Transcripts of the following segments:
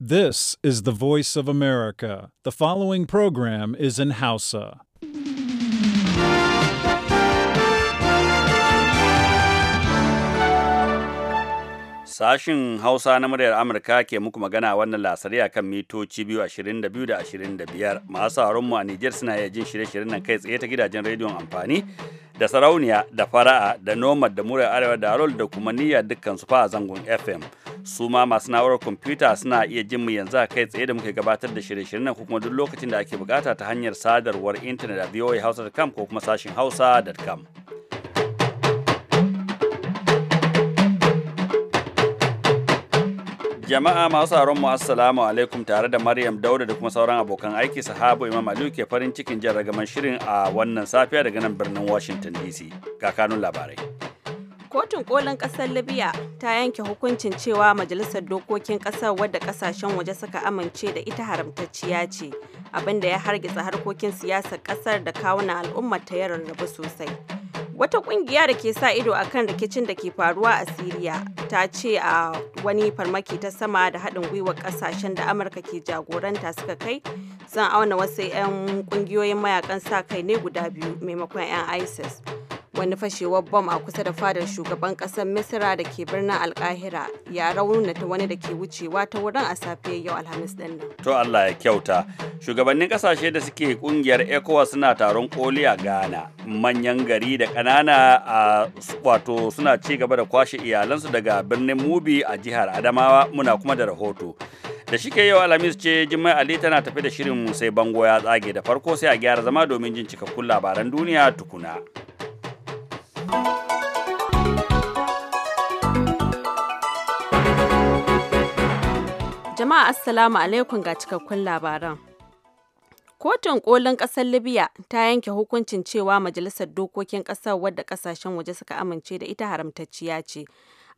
This is the voice of America. The following program is in Hausa. Sashin Hausa na muryar Amurka ke muku magana wannan lasari a kan mitoci biyu ashirin da biyu da ashirin da biyar. Masu mu a Nijar suna iya jin shirye-shiryen nan kai tsaye ta gidajen rediyon amfani da sarauniya da fara'a da nomad da muryar arewa da harol da kuma niyya dukkan su fa a zangon FM. su ma masu na'urar kwamfuta suna iya jin mu yanzu a kai tsaye da muke gabatar da shirye-shiryen nan kuma duk lokacin da ake bukata ta hanyar sadarwar intanet a hausa.com ko kuma sashin hausa.com. Jama'a masu sauraron mu assalamu alaikum tare da Maryam Dauda da kuma sauran abokan aiki sahabo Imam Aliyu ke farin cikin jan ragaman shirin a wannan safiya daga nan birnin Washington DC. Kakanun labarai. Kotun kolin kasar Libya ta yanke hukuncin cewa majalisar dokokin kasar wadda kasashen waje suka amince da ita haramtacciya ce, abinda ya hargitsa harkokin siyasar kasar da kawunan al'ummar ta ya rarrabu sosai. Wata kungiya da ke sa ido akan rikicin da ke faruwa a Siriya ta ce a wani farmaki ta sama da haɗin gwiwar kasashen da Amurka ke jagoranta suka kai sun auna wasu 'yan kungiyoyin mayakan sa kai ne guda biyu maimakon 'yan ISIS. wani fashewar bom a kusa da fadar shugaban kasar misira da ke birnin alkahira ya raunata wani da ke wucewa ta wurin a safe yau alhamis din nan to allah ya kyauta shugabannin kasashe da suke kungiyar ecowas suna taron koli a ghana manyan gari da kanana a wato suna ci gaba da kwashe iyalansu daga birnin mubi a jihar adamawa muna kuma da rahoto da shike yau alhamis ce jimai ali tana tafi da shirin sai bango ya tsage da farko sai a gyara zama domin jin cikakkun labaran duniya tukuna. Jama'a Assalamu alaikum ga cikakkun labaran. Kotun kolin ƙasar Libya ta yanke hukuncin cewa majalisar dokokin ƙasar wadda ƙasashen waje suka amince da ita haramtacciya ce,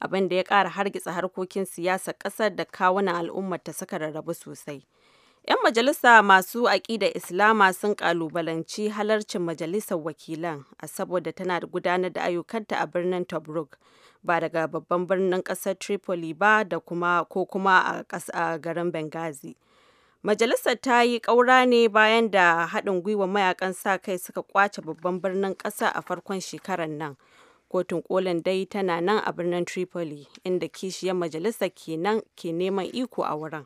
abinda ya ƙara hargitsa harkokin siyasar ƙasar da kawunan al'ummar ta suka rarrabu sosai. 'Yan majalisa masu aƙidar Islama sun ƙalubalanci halarcin majalisar wakilan a saboda tana gudanar da ayyukanta a birnin Tobruk ba daga babban birnin ƙasar Tripoli ba da kuma ko kuma a garin Benghazi. Majalisar ta yi ƙaura ne bayan da haɗin gwiwa mayakan sa kai suka kwace babban birnin ƙasa a farkon shekarar nan. Kotun kolin dai tana nan a birnin Tripoli, inda kishiyar majalisar kenan ke neman iko a wurin.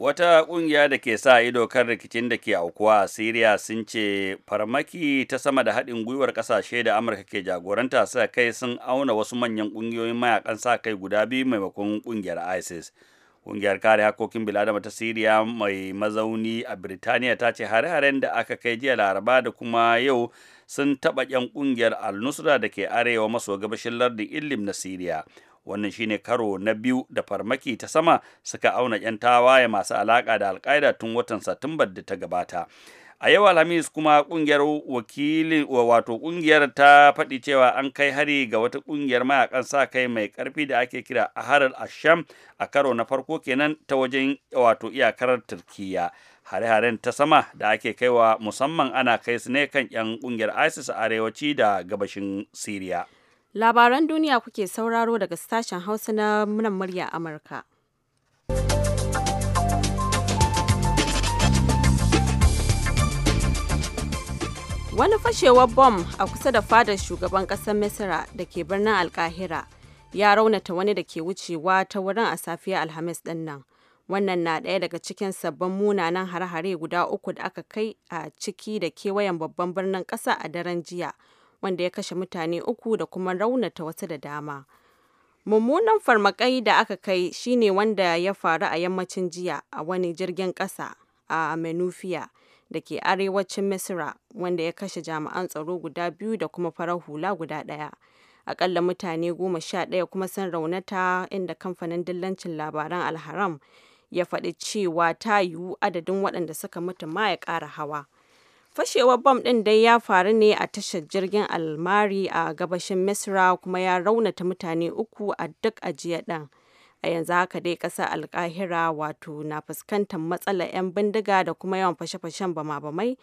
wata ƙungiya da ke sa ido kan rikicin da ke aukuwa a siriya sun ce farmaki ta sama da haɗin gwiwar ƙasashe da amurka ke jagoranta sa kai sun auna wasu manyan ƙungiyoyin mayakan sa kai guda biyu maimakon ƙungiyar isis ƙungiyar kare hakokin biladama ta siriya mai mazauni a birtaniya ta ce hare-haren da aka kai jiya laraba da kuma yau sun taɓa 'yan ƙungiyar al-nusra da ke arewa maso gabashin lardin illim na siriya wannan shine karo na biyu da farmaki ta sama suka auna 'yan tawaye masu alaƙa da alƙaida tun watan satumbar da ta gabata a yau alhamis kuma kungiyar wakili wato kungiyar ta faɗi cewa an kai hari ga wata kungiyar mayakan sa kai mai karfi da ake kira harar asham a karo na farko kenan ta wajen wato iyakar turkiya hare-haren ta sama da ake kaiwa musamman ana kai su ne kan 'yan kungiyar isis a arewaci da gabashin syria Labaran duniya kuke sauraro daga sashen Hausa na nan murya Amurka. Wani fashewar bom a kusa da fadar shugaban ƙasar Misira da ke birnin Alkahira ya raunata wani da ke wucewa ta wurin a safiya Alhamis ɗin nan. Wannan na ɗaya daga cikin sabbin munanan hare-hare guda uku da aka kai a ciki da kewayen babban birnin ƙasa a daren jiya, wanda ya kashe mutane uku da kuma raunata wasu da dama. Mummunan farmakai da aka kai shine wanda ya faru a yammacin jiya a wani jirgin ƙasa a Menufiya da ke arewacin Misira wanda ya kashe jami'an tsaro guda biyu da kuma farar hula guda ɗaya. Akalla mutane goma sha ɗaya kuma sun raunata inda kamfanin dillancin labaran Alharam ya faɗi cewa ta yiwu adadin waɗanda suka mutu ma ya ƙara hawa. Fashewar bom ɗin dai ya faru ne a tashar jirgin Almari a gabashin Misra kuma ya raunata mutane uku a duk ajiya ɗin. A yanzu haka dai ƙasar Alkahira wato na fuskantar matsala 'yan bindiga da kuma yawan fashe-fashen bama-bamai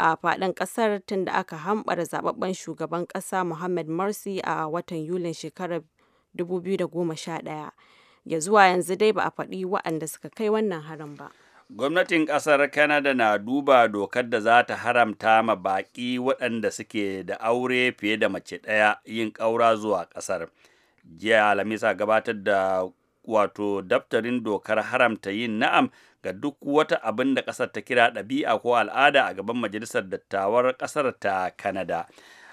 a faɗin ƙasar tun da aka hambara zababben shugaban ƙasa muhammad Morsi a watan Yulin shekarar 2011. Ya zuwa yanzu dai ba a faɗi waɗanda suka kai wannan harin ba. gwamnatin ƙasar canada na duba dokar da za ta haramta ma baƙi waɗanda suke da aure fiye da mace ɗaya yin ƙaura zuwa ƙasar jiya alamisa gabatar da wato daftarin dokar haramta yin na'am ga duk wata abin da ƙasar ta kira ɗabi'a ko al'ada a gaban majalisar dattawar ƙasar ta canada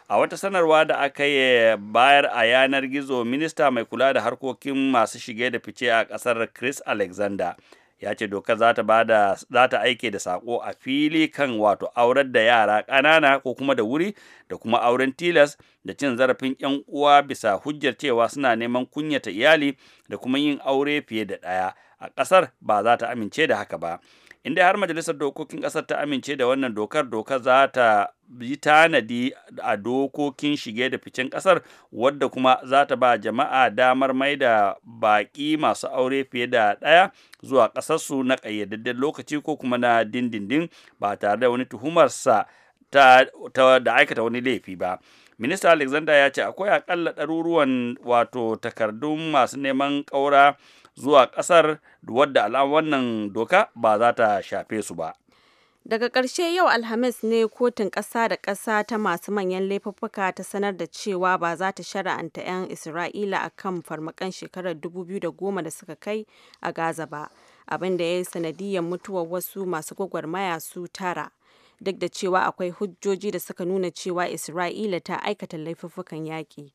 a wata sanarwa da aka yi bayar a yanar gizo minista mai kula da harkokin masu shige da fice a ƙasar chris alexander ya ce dokar za ta bada za ta aike da sako a fili kan wato aurar da yara ƙanana ko kuma da wuri da kuma auren tilas da cin zarafin yan uwa bisa hujjar cewa suna neman kunyata iyali da kuma yin aure fiye da ɗaya a ƙasar ba za ta amince da haka ba inda har majalisar dokokin ƙasar ta amince da wannan dokar dokar za ta yi tanadi a dokokin shige da ficen ƙasar wadda kuma za ta ba jama'a damar mai da baƙi masu aure fiye da ɗaya zuwa ƙasarsu na ƙayyadadden lokaci ko kuma na dindindin ba tare da wani tuhumarsa ta, da aikata wani laifi ba. Minista Alexander ya ce akwai aƙalla ɗaruruwan wato takardun masu neman ƙaura zuwa ƙasar wadda wannan doka ba za ta shafe su ba. Daga ƙarshe yau Alhamis ne kotun ƙasa da ƙasa ta masu manyan laifuffuka ta sanar da cewa ba za ta shara'anta 'yan Isra'ila a kan farmakan shekarar 2010 da suka kai a Gaza ba, abin da ya yi sanadiyar mutuwar wasu masu gwagwarmaya su tara. Duk da cewa akwai hujjoji da suka nuna cewa Isra'ila ta aikata laifuffukan yaƙi.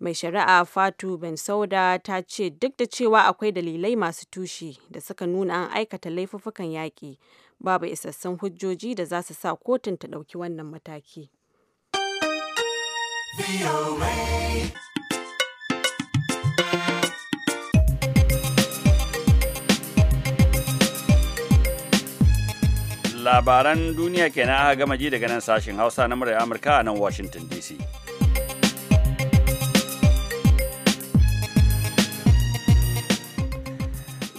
mai shari'a fatu ben sauda ta ce duk da cewa akwai dalilai masu tushe da suka nuna an aikata laifuffukan yaƙi babu isassun hujjoji da za su sa kotun ta ɗauki wannan mataki. Labaran duniya kenan aka gama ji daga nan sashen Hausa na murar Amurka a nan Washington DC.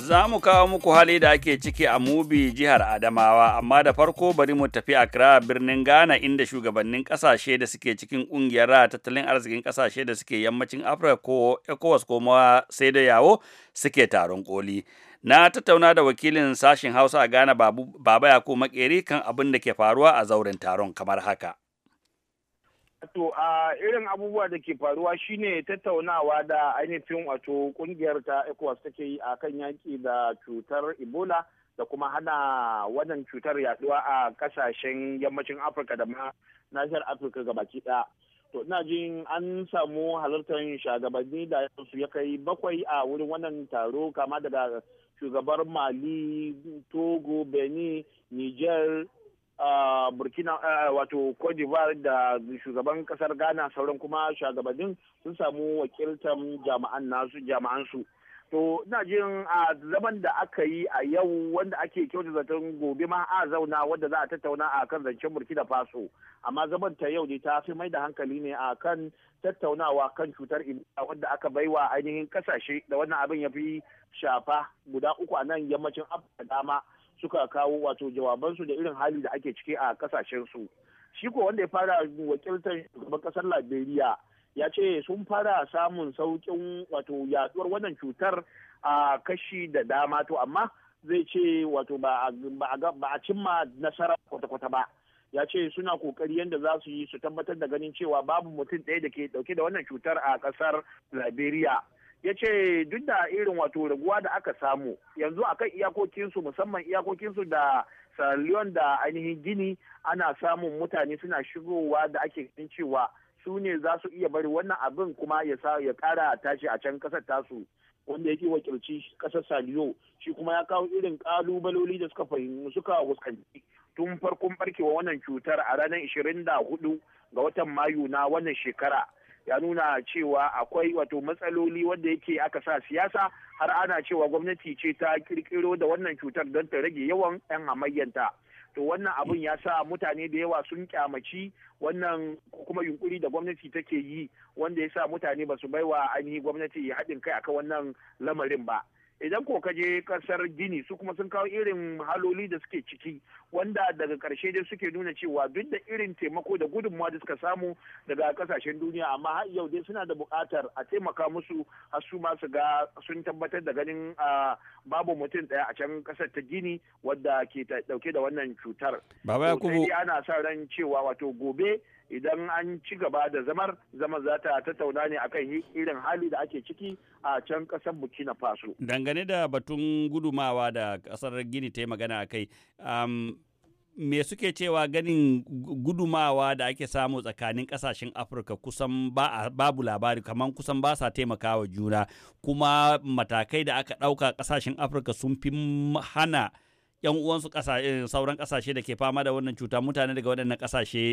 za mu kawo muku hali da ake ciki a mubi jihar Adamawa, amma da farko bari mu tafi Accra birnin Ghana inda shugabannin kasashe da suke cikin kungiyar tattalin arzikin kasashe da suke yammacin Afirka ko ECOWAS ko ma sai da yawo suke taron koli. Na tattauna da wakilin sashen Hausa a Ghana Baba Yakubu Makeri kan abin da ke faruwa a zauren taron kamar haka. To a irin abubuwa da ke faruwa shine tattaunawa da ainihin wato kungiyar ta ECOWAS take yi a kan yaƙi da cutar Ebola da kuma hana wannan cutar yaduwa a kasashen yammacin Afirka da ma nahiyar Afirka gabaki ɗaya. To ina jin an samu halartar shagabanni da su ya kai bakwai a wurin wannan taro kama daga shugabar Mali, Togo, Benin, Niger, burkina wato da shugaban kasar ghana sauran kuma shugabannin sun samu wakiltar jama'an nasu jama'ansu to ina jin a zaman da aka yi a yau wanda ake kyauta zaton gobe ma a zauna wanda za a tattauna a kan zancen burkina faso amma zaman ta yau ne ta fi mai da hankali ne a kan tattaunawa kan cutar ebola wanda aka baiwa ainihin kasashe da wannan abin ya fi shafa guda uku a nan yammacin afirka dama suka kawo wato jawabansu da irin hali da ake ciki a su shi ko wanda ya fara wakiltar shugaban kasar liberia ya ce sun fara samun saukin wato yaduwar wannan cutar a kashi da dama to amma zai ce wato ba a cimma nasara kwata-kwata ba ya ce suna kokari yadda za su yi su tabbatar da ganin cewa babu mutum ɗaya da ke dauke da wannan cutar a ƙasar liberia ya ce duk da irin wato raguwa da aka samu yanzu a akan iyakokinsu musamman iyakokinsu da Sierra da ainihin Gini ana samun mutane suna shigowa da ake ganin cewa su ne za su iya bari wannan abin kuma ya ya kara tashi a can kasar tasu wanda yake wakilci kasar Saliyo shi kuma ya kawo irin kalubaloli da suka fahimci suka wuskanci tun farkon barkewa wannan cutar a ranar 24 ga watan Mayu na wannan shekara ya nuna cewa akwai wato matsaloli wanda yake aka sa siyasa har ana cewa gwamnati ce ta kirkiro da wannan cutar don ta rage yawan 'yan amayyanta to wannan abun ya sa mutane da yawa sun kyamaci wannan kuma yunkuri da gwamnati take yi wanda ya sa mutane ba su baiwa ainihin gwamnati haɗin kai akan wannan lamarin ba idan ko ka je kasar gini su kuma sun kawo irin haloli da suke ciki wanda daga karshe dai suke nuna cewa duk da irin taimako da gudunmawa da suka samu daga kasashen duniya amma har yau dai suna da bukatar a taimaka musu har su ma su ga sun tabbatar da ganin babu mutum ɗaya a can kasar ta gini wadda ke dauke da wannan cutar. Baba Yakubu. ana sa ran cewa wato gobe idan an ci gaba da zamar zama za ta tattauna ne akan irin hali da ake ciki a can kasar burkina faso dangane da batun gudumawa da kasar gini ta yi magana a kai me suke cewa ganin gudumawa da ake samu tsakanin kasashen afirka kusan babu labari kamar kusan ba sa taimakawa juna kuma matakai da aka ɗauka kasashen afirka sun fi hana yan uwansu eh, sauran kasashe da ke fama da wannan cuta mutane daga waɗannan kasashe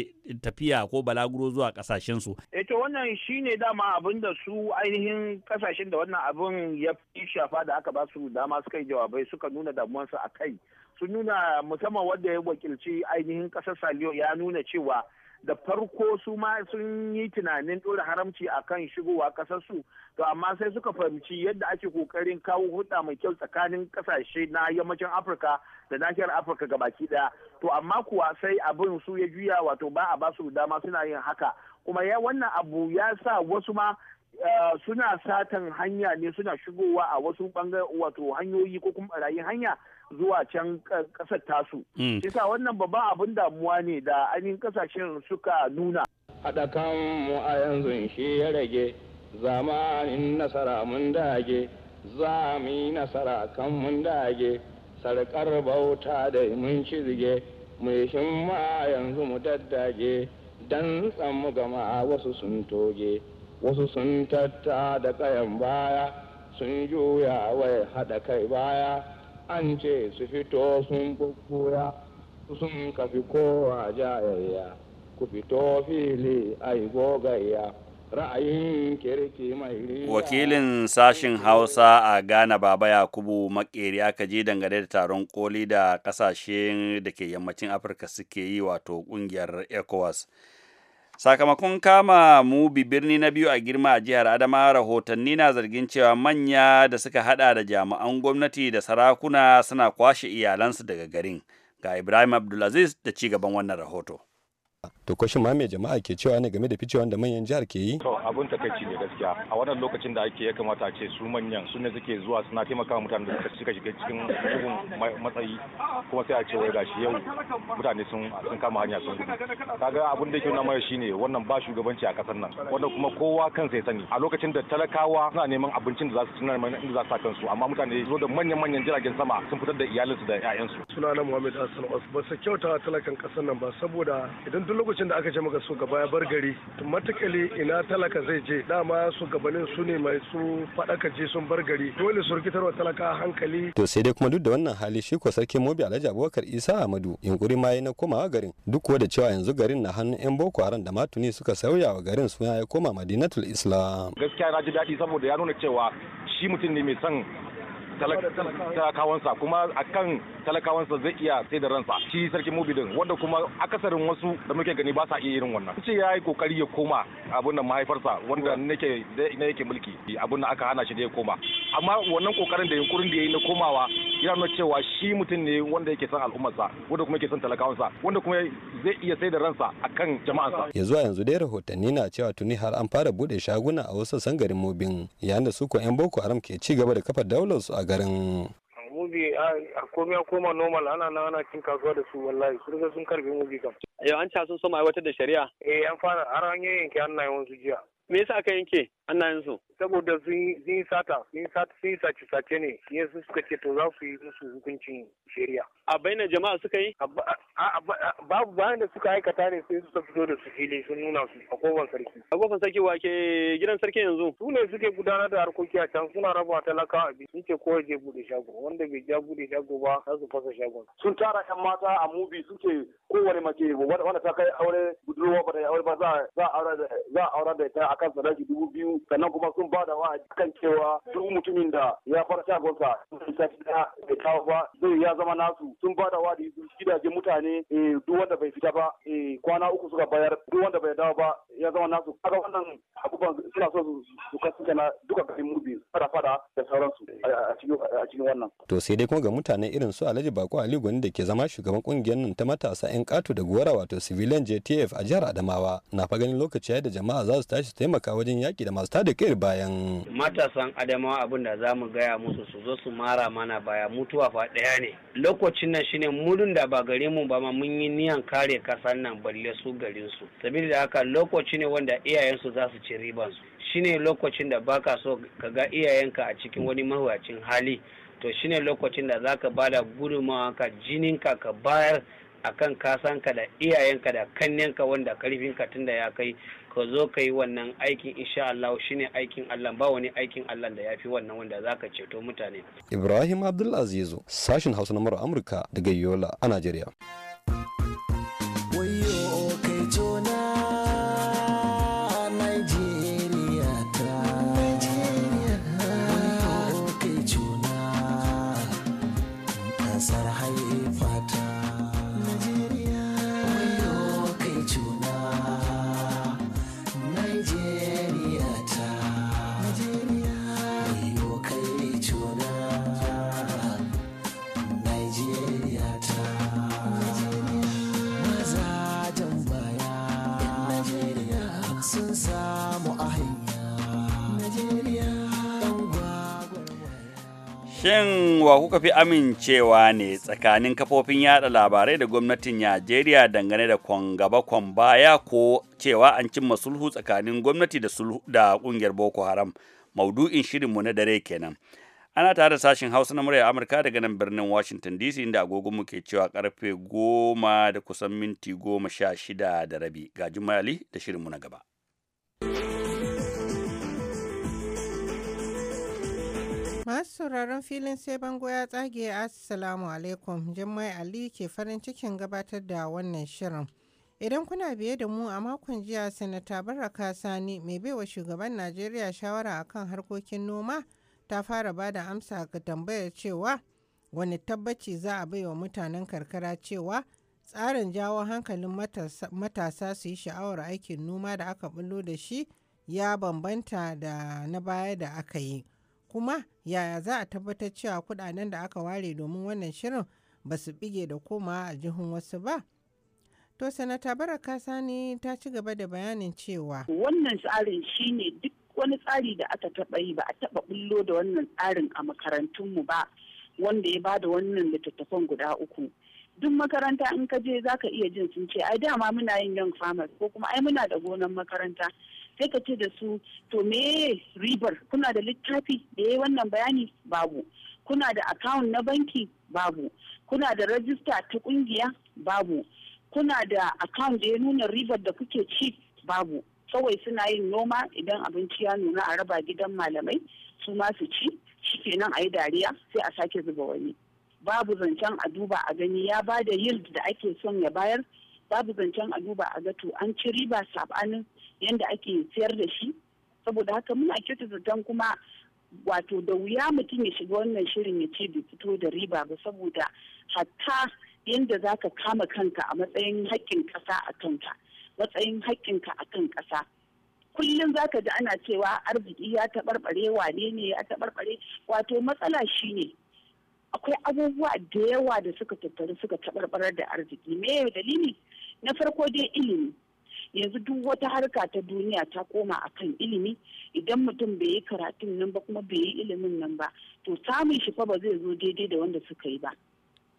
tafiya ko balaguro zuwa kasashen su. E eh, to wannan shine dama abin da su ainihin kasashen da wannan abin ya fi shafa da aka ba su dama suka yi jawabai suka nuna damuwansu a kai. Sun nuna musamman wanda ya wakilci ainihin ƙasar Saliyo ya nuna cewa da farko su ma sun yi tunanin ɗora haramci a kan shigowa ƙasarsu to amma sai suka fahimci yadda ake kokarin kawo hulɗa mai kyau tsakanin ƙasashe na yammacin afirka da nahiyar afirka gabaki ɗaya to amma kuwa sai abin su ya juya wato ba a basu dama suna yin haka kuma ya wannan abu ya sa wasu ma eh, suna satan hanya ne suna shigowa a wasu wato hanyoyi ko kuma barayin hanya zuwa can kasar tasu. Yasa mm. wannan babban abin damuwa ne da ainihin kasashen suka nuna. Haɗa kanmu a yanzu shi ya rage zamanin nasara mun dage za nasara kan mun dage sarkar bauta da mun shirge mai ma yanzu mu daddage dan mu gama wasu sun toge wasu sun tatta da ƙayan baya sun juya wai haɗa kai baya an ce su fito sun bubbuya sun kafi kowa jayayya ku fito fili yi gogayya ra'ayin kirki mai wakilin sashin hausa a ghana baba yakubu makeri aka je dangane da taron koli da kasashen da ke yammacin afirka suke yi wato kungiyar ecowas sakamakon kama mubi birni na biyu a girma a jihar adama rahotanni na zargin cewa manya da suka hada da jami'an gwamnati da sarakuna suna kwashe iyalansu daga garin ga ibrahim abdulaziz da ci gaban wannan rahoto to kwashin ma mai jama'a ke cewa ne game da ficewan da manyan jihar ke yi to abun takaici ne gaskiya a wannan lokacin da ake ya kamata ce su manyan su ne suke zuwa suna taimaka mutane da suka shiga cikin bugun matsayi kuma sai a ce wai gashi yau mutane sun sun kama hanya sun gudu kaga abun da yake nuna mai shine wannan ba shugabanci a kasar nan wanda kuma kowa kansa ya sani a lokacin da talakawa suna neman abincin da za su ci nan inda za su sa kansu amma mutane zo da manyan manyan jiragen sama sun fitar da iyalinsu da 'ya'yansu sunana Muhammad Hassan ba su kyautawa talakan kasar nan ba saboda idan duk lokacin da aka ce maka shugaba ya bar gari matakali ina talaka zai je dama shugabannin su ne mai su faɗaka je sun bar gari dole su rikitarwa talaka hankali to sai dai kuma duk da wannan hali shi ko sarkin mobi alhaji abubakar isa amadu yunkuri ma na komawa garin duk kuwa da cewa yanzu garin na hannun yan boko haram da matuni suka sauya wa garin suna ya koma madinatul islam gaskiya na ji daɗi saboda ya nuna cewa shi mutum ne mai son talakawansa kuma kan talakawansa zai iya sai da ransa shi sarki mubidin wanda kuma akasarin wasu da muke gani ba sa iya irin wannan ce ya yi kokari ya koma abin da mahaifarsa wanda nake na yake mulki abin da aka hana shi da ya koma amma wannan kokarin da yunkurin da ya yi na komawa yana nuna cewa shi mutum ne wanda yake son al'ummarsa wanda kuma yake son talakawansa wanda kuma zai iya sai da ransa a kan jama'ansa ya zuwa yanzu dai rahotanni na cewa tuni har an fara bude shaguna a wasu sangarin mobin yayin da su ko yan boko haram ke ci gaba da kafa daular su a garin mubi a komai koma normal ana nan ana cin kasuwa da su wallahi sun ga sun karbi mubi kam yau an ca sun soma aiwatar da shari'a eh an fara har an n'a yi wasu jiya me yasa aka yanke hannayensu saboda sun yi sata sun yi sace sace ne shi yasa suka ce to za su yi musu hukuncin shari'a a bayyana jama'a suka yi babu bayan da suka aikata ne sai suka fito da su fili sun nuna su a kowane sarki a kowane sarki wa ke gidan sarki yanzu su ne suke gudanar da harkoki a can suna raba talaka a Sun ce ko je bude shago wanda bai ja bude shago ba za su fasa shagon sun tara yan mata a mubi suke kowane mace wanda ta kai aure budurwa ba ta aure ba za a aura da ita a kan dubu biyu sannan kuma sun ba da wa'adi kan cewa duk mutumin da ya fara shagonsa sati na bai kawo ba zai ya zama nasu sun ba da wa'adi gidaje mutane eh, duk wanda bai fita ba eh, kwana uku suka bayar duk wanda bai dawo ba ya zama nasu kaga wannan abubuwan suna so su kasance na duka garin mubi fada fada da sauransu a cikin wannan. To sai dai kuma ga mutane irin su Alhaji Bako Ali Gwani da ke zama shugaban kungiyar nan ta matasa 'yan kato da gora wato civilian JTF a jihar Adamawa na fa ganin lokaci da jama'a za su tashi taimaka wajen yaki da masu tada kai bayan matasan adamawa abin da za mu gaya musu su zo su mara mana baya mutuwa fa ɗaya ne lokacin nan shine mudun da ba gare mu ba ma mun yi niyan kare kasan nan balle su garin su saboda haka lokaci ne wanda iyayensu za su ci riban su shine lokacin da baka so ka ga iyayenka a cikin wani mahuwacin hali to shine lokacin da zaka bada gudunmawa ka jininka ka bayar akan kasanka da iyayenka da kannenka wanda karfinka tunda ya kai ka zo ka yi wannan aikin insha Allah shine aikin Allah ba wani aikin Allah da yafi wannan wanda za ka ceto mutane Ibrahim Abdulaziz sashin Hausa na Amurka daga Yola a Najeriya Shin wa kuka fi amincewa ne tsakanin kafofin yada labarai da gwamnatin Najeriya dangane da kwangaba kwan baya ko cewa an cimma sulhu tsakanin gwamnati da da kungiyar Boko Haram? Maudu'in shirinmu na dare kenan. Ana tare da sashen Hausa na murya Amurka daga nan birnin Washington DC inda agogonmu ke cewa karfe goma da kusan minti goma sha shida da rabi. Ga Jumali da shirinmu na gaba. Masu sauraron filin sai bango ya tsage Assalamu alaikum Jummai Ali ke farin cikin gabatar da wannan shirin. Idan kuna biye da mu a makon jiya Sanata Baraka Sani mai baiwa shugaban Najeriya shawara a kan harkokin noma ta fara ba da amsa ga tambayar cewa wani tabbaci za a baiwa mutanen karkara cewa tsarin jawo hankalin matasa su yi sha'awar aikin noma da aka bullo da shi ya bambanta da na baya da aka yi. Kuma yaya za a tabbatar cewa kudaden da aka ware domin wannan shirin ba su bige da koma a jihun wasu ba? To sanata baraka sani ta ci gaba da bayanin cewa. Wannan tsarin shine duk wani tsari da aka taba yi ba a taba bullo da wannan tsarin a makarantunmu ba wanda ya bada wannan littattafan guda uku. Duk makaranta in ka je za ka iya jin sun ce ai dama muna yin yan farmers ko kuma ai muna da gonan makaranta sai ka ce da su to me ribar kuna da littafi da eh, ya wannan bayani babu kuna da account na banki babu kuna da register ta kungiya babu kuna da account da ya nuna ribar da kuke ci babu kawai suna yin noma idan abinci ya nuna a raba gidan malamai su ma su ci shikenan a yi dariya sai a sake zuba wani babu zancen a duba a gani ya ba da yield da ake son ya bayar babu zancen a duba a gato an ci riba sabanin yadda ake siyar da shi saboda haka muna kyauta zaton kuma wato da wuya mutum ya shiga wannan shirin ya ce bai fito da riba ba saboda hatta yadda za ka kama kanka a matsayin haƙƙin ƙasa a kanka matsayin ka a kan ƙasa kullum za ka ji ana cewa arziki ya taɓarɓare wane ne ya taɓarɓare wato matsala shi ne akwai abubuwa da yawa da suka tattaru suka taɓarɓarar da arziki me dalili na farko dai ilimi yanzu duk wata harka ta duniya ta koma akan ilimi idan mutum bai yi karatun nan ba kuma bai yi ilimin nan ba to samun shi fa ba zai zo daidai da wanda suka yi ba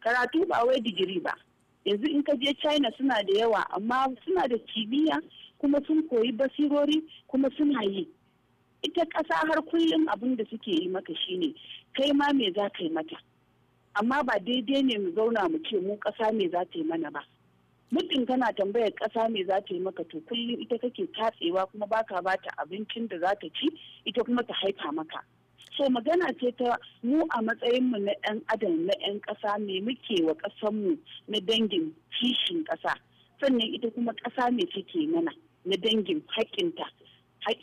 karatu ba wai digiri ba yanzu in ka je china suna da yawa amma suna da kimiyya kuma sun koyi basirori kuma suna yi ita ƙasa har kullum abin da suke yi maka shine kai ma me za ka yi mata amma ba daidai ne mu zauna mu ce mu ƙasa me za ta yi mana ba muddin kana tambayar ƙasa me za ta yi maka to kullum ita kake tatsewa kuma baka bata abincin da za ta ci ita kuma ta haifa maka so magana ce ta mu a matsayinmu na 'yan adam na 'yan ƙasa ne muke wa ƙasanmu na dangin kishin ƙasa sannan ita kuma ƙasa ne take mana na dangin hakkin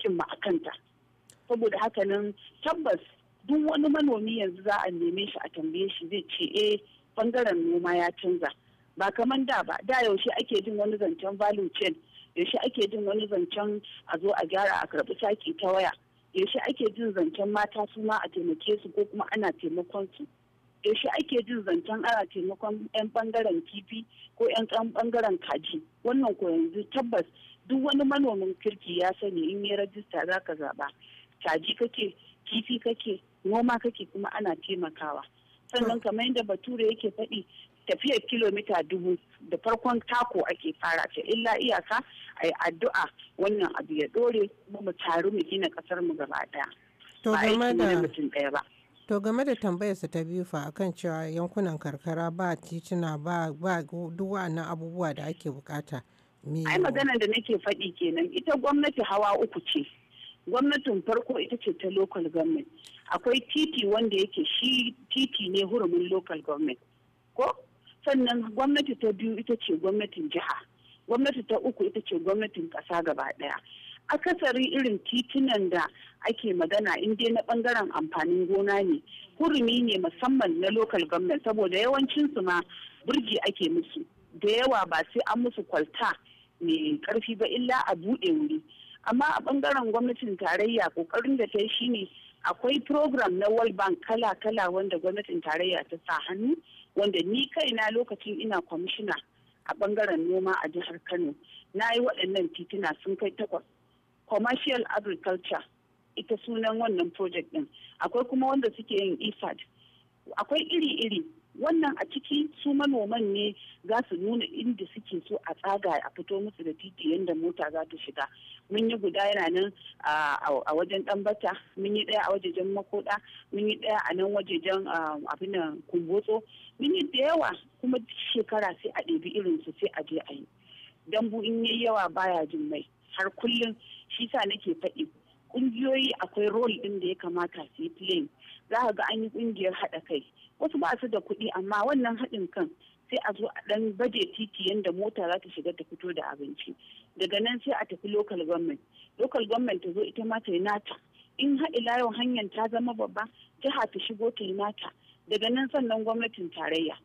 mu a kanta saboda haka nan tabbas duk wani manomi yanzu za a neme shi a tambaye shi zai ce eh bangaren noma ya canza ba kaman da ba da yaushe ake jin wani zancen value chain yaushe ake jin wani zancen a zo a gyara a karbi taki ta waya yaushe ake jin zancen mata su ma a taimake su ko kuma ana taimakon su yaushe ake jin zancen ana taimakon 'yan bangaren kifi ko 'yan bangaren kaji wannan ko yanzu tabbas duk wani manomin kirki ya sani in ya rajista za ka zaɓa kaji kake kifi kake noma kake kuma ana taimakawa sannan kamar yadda bature yake faɗi tafiyar kilomita dubu da farkon tako ake fara ta illa iyaka a yi addu'a wannan abu ya dore mu taru mu gina kasar mu gaba daya to game da mutum daya to game da tambayarsa ta biyu fa akan cewa yankunan karkara ba tituna ba ba na abubuwa da ake bukata ai magana da nake faɗi kenan ita gwamnati hawa uku ce gwamnatin farko ita ce ta local government akwai titi wanda yake shi titi ne hurumin local government ko sannan gwamnati ta biyu ita ce gwamnatin jiha gwamnati ta uku ita ce gwamnatin ƙasa gaba ɗaya akasari irin titunan da ake magana in dai na bangaren amfanin gona ne hurumi ne musamman na lokal government saboda yawancin su ma burji ake musu da yawa ba sai an musu kwalta mai karfi ba illa a bude wuri amma a bangaren gwamnatin tarayya kokarin da ta yi shine akwai program na world bank kala-kala wanda gwamnatin tarayya ta sa hannu wanda ni kaina lokacin ina kwamishina a bangaren noma a jihar kano na yi waɗannan tituna sun kai takwas commercial agriculture ita sunan wannan project din akwai kuma wanda suke yin ifad akwai iri-iri wannan a ciki su manoman ne za su nuna inda suke so a tsaga a fito musu da titi yadda mota za ta shiga mun yi guda yana nan a wajen danbata mun yi ɗaya a wajejen makoda mun yi ɗaya a nan wajejen abin kumbotso mun yi da yawa kuma shekara sai a ɗebi su sai a je a yi dambu in yi yawa baya jin mai har kullum shi sa nake faɗi kungiyoyi akwai role din da ya kamata su yi playing za ka ga an yi kungiyar haɗa kai wasu ba su da kuɗi amma wannan haɗin kan sai a zo a ɗan baje titi yadda mota za ta shiga ta fito da abinci daga nan sai a tafi local government local government ta zo ita ma ta yi nata in haɗi yau hanyar ta zama babba jiha ta shigo ta yi nata daga nan sannan gwamnatin tarayya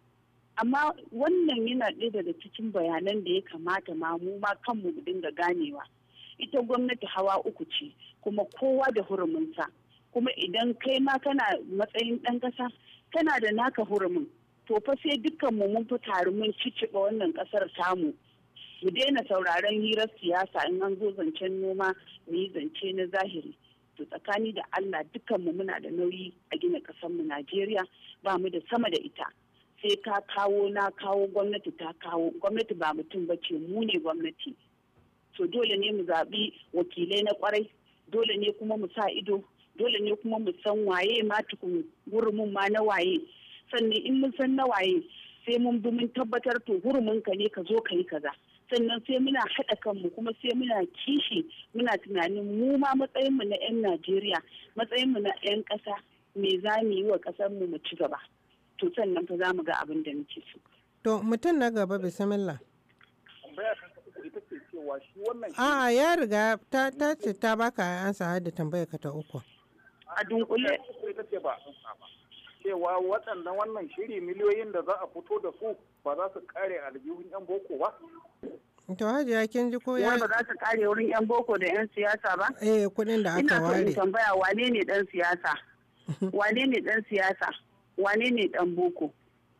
amma wannan yana ɗaya daga cikin bayanan da ya kamata ma mu ma kanmu dinga ganewa ita gwamnati hawa uku ce kuma kowa da huruminsa kuma idan kai ma kana matsayin ɗan ƙasa kana da naka hurumin to fa sai dukkan mu mun fi tare mun ciciba wannan ƙasar samu mu daina sauraron hirar siyasa in an zo zancen noma mu yi zance na zahiri to tsakani da Allah dukkan mu muna da nauyi a gina ƙasar mu Najeriya ba mu da sama da ita sai ka kawo na kawo gwamnati ta kawo gwamnati ba mutum bace mu ne gwamnati to dole ne mu zaɓi wakilai na kwarai dole ne kuma mu sa ido dole ne kuma mu san waye ma tukun gurumin ma na waye sannan in mun san na waye sai mun bi mun tabbatar to gurumin ka ne ka zo ka yi kaza sannan sai muna haɗa kanmu kuma sai muna kishi muna tunanin mu ma matsayinmu na 'yan najeriya matsayinmu na 'yan ƙasa me za mu yi wa ƙasarmu mu ci gaba to sannan fa za mu ga abin da muke so. to mutum na gaba bisimila. cewa shi wannan a ya riga ta ta ce ta baka an sa da tambayar ka ta uku a dunkule ta ce ba cewa waɗannan wannan shiri miliyoyin da za a fito da su ba za su kare aljihun yan boko ba to ya kin ji ko ya ba za su kare wurin yan boko da yan siyasa ba eh kudin da aka ware ina tambaya wane ne dan siyasa wane ne dan siyasa wane ne dan boko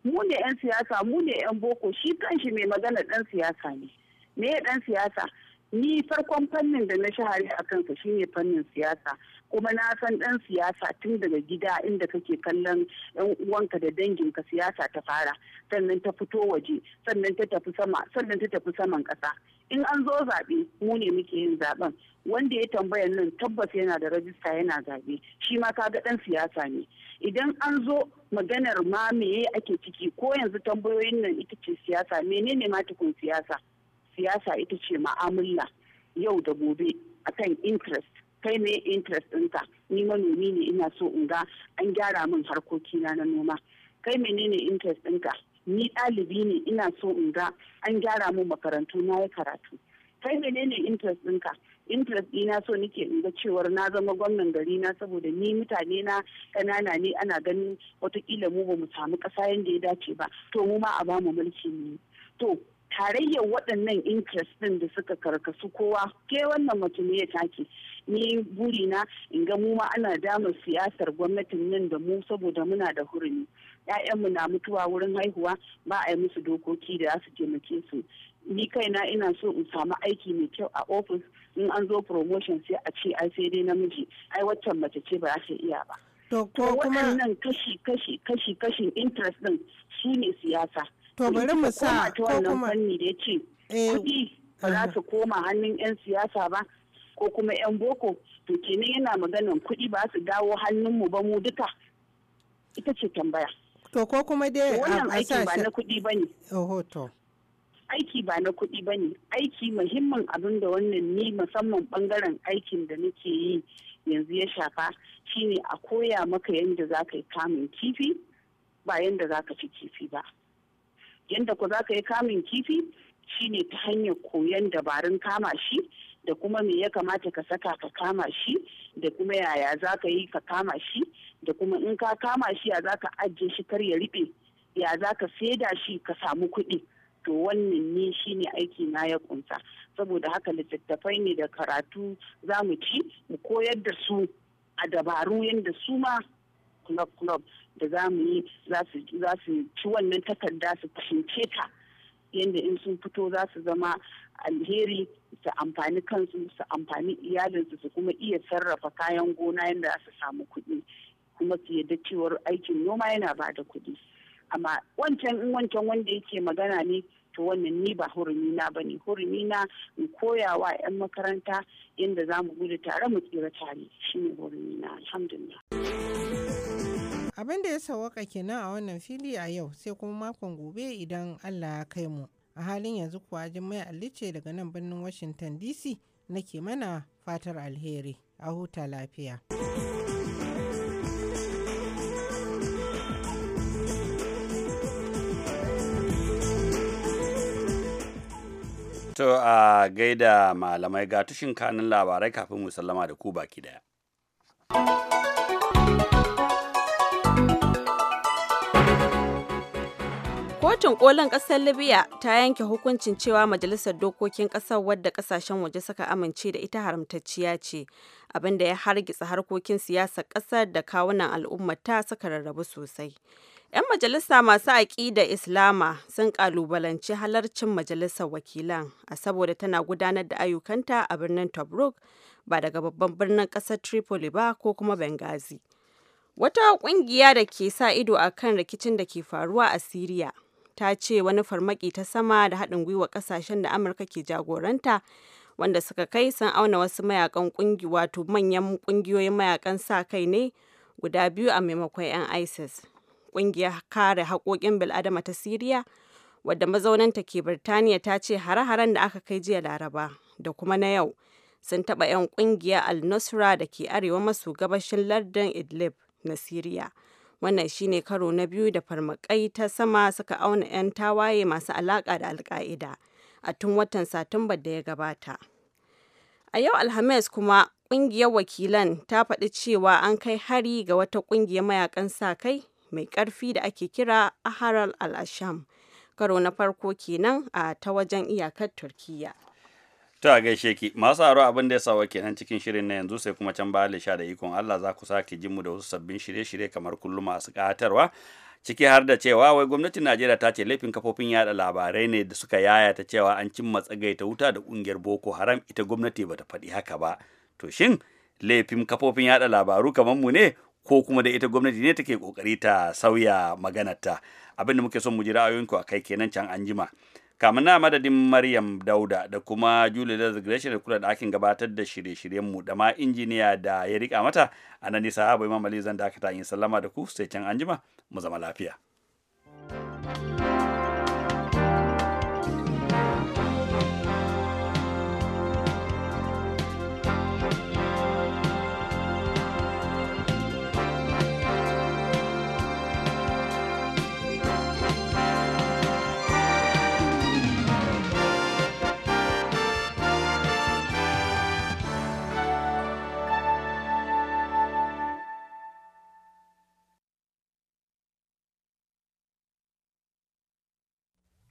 mu ne 'yan siyasa mu ne 'yan boko shi kanshi mai magana dan siyasa ne me ya dan siyasa ni farkon fannin da na shahari a kansa shine fannin siyasa kuma na san dan siyasa tun daga gida inda kake kallon yan uwanka da dangin ka siyasa ta fara sannan ta fito waje sannan ta tafi sama sannan ta tafi saman kasa in an zo zaɓe mu ne muke yin zaɓen wanda ya tambaya nan tabbas yana da rajista yana zaɓe shi ma kaga ɗan siyasa ne idan an zo maganar ma meye ake ciki ko yanzu tambayoyin nan ita ce siyasa menene ma tukun siyasa siyasa ita ce ma'amulla yau da gobe akan interest kai ne interest ɗinka ni manomi ne ina so in ga an gyara min harkokina na noma kai menene interest ɗinka ni ɗalibi ne ina so in ga an gyara min makarantu na ya karatu kai menene interest ɗinka interest ɗina so nike in ga cewar na zama gwamnan gari na saboda ni mutane na ƙanana ne ana ganin watakila mu ba mu samu ƙasa yadda ya dace ba to mu ma a bamu mulki ne to tarayyar waɗannan interest ɗin da suka karkasu kowa ke wannan mace ya take ni buri na in ga mu ma ana damar siyasar gwamnatin nan da mu saboda muna da hurumi mu na mutuwa wurin haihuwa ba a yi musu dokoki da za su taimake su ni kai na ina so in samu aiki mai kyau a ofis in an zo promotion sai a ce ai sai dai namiji ai waccan mace ce ba ta iya ba to ko kuma kashi kashi kashi kashin interest din shine siyasa to bari mu sa ko kuma fanni da yace eh. kuɗi ba za su koma hannun yan siyasa ba ko kuma yan boko to kenan yana maganan kuɗi ba su dawo hannun mu ba mu duka ita ce tambaya to ko kuma dai wannan aiki ba na kudi bane oho to aiki ba na kuɗi ba ne aiki muhimmin abin da wannan ni musamman bangaren aikin da nake yi yanzu ya shafa shine a koya maka yadda za ka yi kamun kifi ba yadda za ka ci kifi ba yadda ku za ka yi kamun kifi shine ta hanyar koyon dabarun kama shi da kuma me ya kamata ka saka ka kama shi da kuma yaya za ka yi ka kama shi da kuma in ka kama shi ya za ka ajiye shi kar ya riɓe ya za ka saida shi ka samu kuɗi to wannan ne shine aiki na ya kunsa saboda haka littattafai ne da karatu za mu ci mu koyar da su a dabaru yadda su ma club club da za mu yi za su ci wannan takarda su fahimce ta yadda in sun fito za su zama alheri su amfani kansu su amfani iyalinsu su kuma iya sarrafa kayan gona yadda za su samu kuɗi kuma su yadda cewar aikin noma yana ba da kuɗi amma wancan in wancan wanda yake magana ne to wannan ni ba hurumi na bane hurumi na in koya wa 'yan makaranta yadda za mu gudu tare mu tsira tare shine hurumi na alhamdulillah Abin da ya sawaka kenan a wannan fili a yau sai kuma makon gobe idan Allah ya kai mu. A halin yanzu kuwa Jummai Alice daga nan birnin Washington DC nake mana fatar alheri. A huta lafiya. To a gaida malamai ga tushin kanin labarai kafin mu sallama da ku baki daya. Kotun kolin ƙasar Libya ta yanke hukuncin cewa majalisar dokokin ƙasar wadda ƙasashen waje suka amince da ita haramtacciya ce, abinda ya hargitsa harkokin siyasar ƙasar da kawunan al'ummata suka rarrabu sosai. 'Yan majalisa masu aƙida Islama sun ƙalubalanci halarcin majalisar wakilan a saboda tana gudanar da ayyukanta a birnin Tobruk ba daga babban birnin ƙasar Tripoli ba ko kuma bengazi. Wata ƙungiya da ke sa ido a kan rikicin da ke faruwa a Siriya ta ce wani farmaki ta sama da haɗin gwiwa ƙasashen da Amurka ke jagoranta wanda suka kai sun auna wasu mayakan ƙungi wato manyan ƙungiyoyin mayakan sa kai ne guda biyu a maimakon 'yan ISIS. Ƙungiyar kare haƙoƙin bil'adama ta Siriya wadda mazaunanta ke Birtaniya ta ce hare-haren da aka kai jiya Laraba da kuma na yau sun taɓa 'yan ƙungiyar Al-Nusra da ke arewa maso gabashin lardin Idlib na Siriya. Wannan shine karo na biyu da farmakai ta sama suka auna 'yan tawaye masu alaƙa da alka'ida a tun watan Satumba da ya gabata. A yau Alhamis kuma ƙungiyar wakilan ta faɗi cewa an kai hari ga wata ƙungiyar mayakan sa-kai mai ƙarfi da ake kira Ahrar al asham Karo na farko kenan a ta wajen iyakar Turkiyya. ta gaishe ki masu aro abin da ya sawa kenan cikin shirin na yanzu sai kuma can bayan sha da ikon Allah za ku sake jin mu da wasu sabbin shirye-shirye kamar kullum masu ƙatarwa ciki har da cewa wai gwamnatin Najeriya ta ce laifin kafofin yada labarai ne da suka yaya ta cewa an cin cimma gaita wuta da kungiyar Boko Haram ita gwamnati bata faɗi haka ba to shin laifin kafofin yada labaru kamar mu ne ko kuma da ita gwamnati ne take kokari ta sauya maganarta abin da muke son mu ji ra'ayoyinku a kai kenan can anjima. kamar na madadin maryam dauda da kuma julia da gresham da kula da akin gabatar da shirye-shiryenmu da ma injiniya da ya rika mata a nan nisa habu imam ali zan dakata yin sallama da ku sai can anjima mu zama lafiya